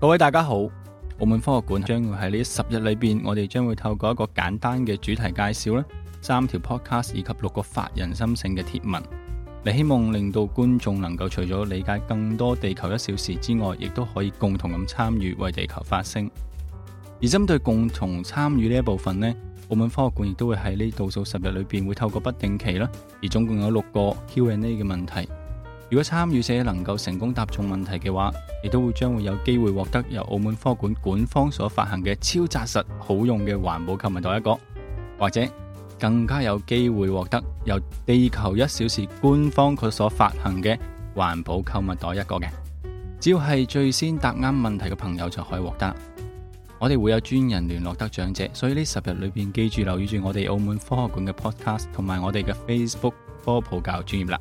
各位大家好，澳門科學館將會喺呢十日裏邊，我哋將會透過一個簡單嘅主題介紹啦，三條 podcast 以及六個發人深省嘅貼文，嚟，希望令到觀衆能夠除咗理解更多地球一小時之外，亦都可以共同咁參與爲地球發聲。而針對共同參與呢一部分呢，澳門科學館亦都會喺呢倒數十日裏邊，會透過不定期啦，而總共有六個 Q&A 呢嘅問題。如果參與者能夠成功答中問題嘅話，亦都會將會有機會獲得由澳門科學館官方所發行嘅超紮實好用嘅環保購物袋一個，或者更加有機會獲得由地球一小時官方佢所發行嘅環保購物袋一個嘅。只要係最先答啱問題嘅朋友就可以獲得。我哋會有專人聯絡得獎者，所以呢十日裏邊記住留意住我哋澳門科學館嘅 podcast 同埋我哋嘅 Facebook 科普教育專業啦。